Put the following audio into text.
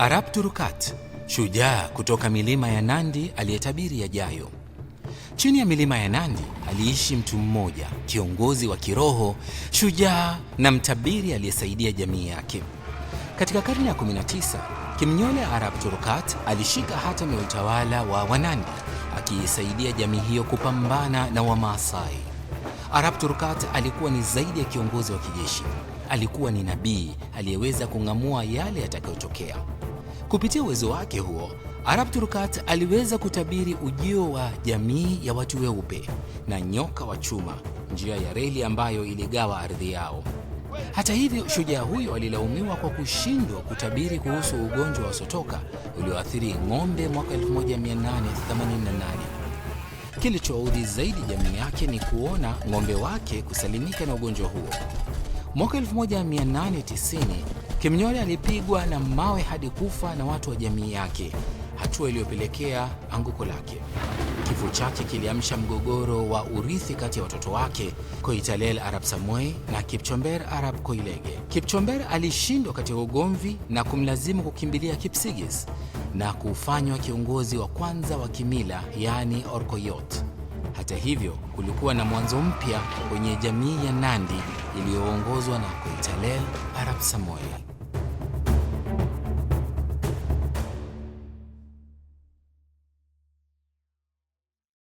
Arap Turukat, shujaa kutoka milima ya Nandi aliyetabiri yajayo. Chini ya milima ya Nandi aliishi mtu mmoja, kiongozi wa kiroho, shujaa na mtabiri aliyesaidia jamii yake. Katika karne ya 19, Kimnyole Arap Turukat alishika hatamu ya utawala wa Wanandi, akiisaidia jamii hiyo kupambana na Wamaasai. Arab Turukat alikuwa ni zaidi ya kiongozi wa kijeshi, alikuwa ni nabii aliyeweza kung'amua yale yatakayotokea. Kupitia uwezo wake huo, Arap Turkat aliweza kutabiri ujio wa jamii ya watu weupe na nyoka wa chuma, njia ya reli ambayo iligawa ardhi yao. Hata hivyo, shujaa huyo alilaumiwa kwa kushindwa kutabiri kuhusu ugonjwa wa sotoka ulioathiri ng'ombe mwaka 1888. Kilichoudhi zaidi jamii yake ni kuona ng'ombe wake kusalimika na ugonjwa huo. Mwaka 1890 Kimnyole alipigwa na mawe hadi kufa na watu wa jamii yake, hatua iliyopelekea anguko lake. Kifo chake kiliamsha mgogoro wa urithi kati ya watoto wake Koitalel Arab Samoei na Kipchomber arab Koilege. Kipchomber alishindwa katika ugomvi na kumlazimu kukimbilia Kipsigis na kufanywa kiongozi wa kwanza wa kimila, yaani orkoyot Hata hivyo, kulikuwa na mwanzo mpya kwenye jamii ya Nandi iliyoongozwa na Koitalel Arab Samoei.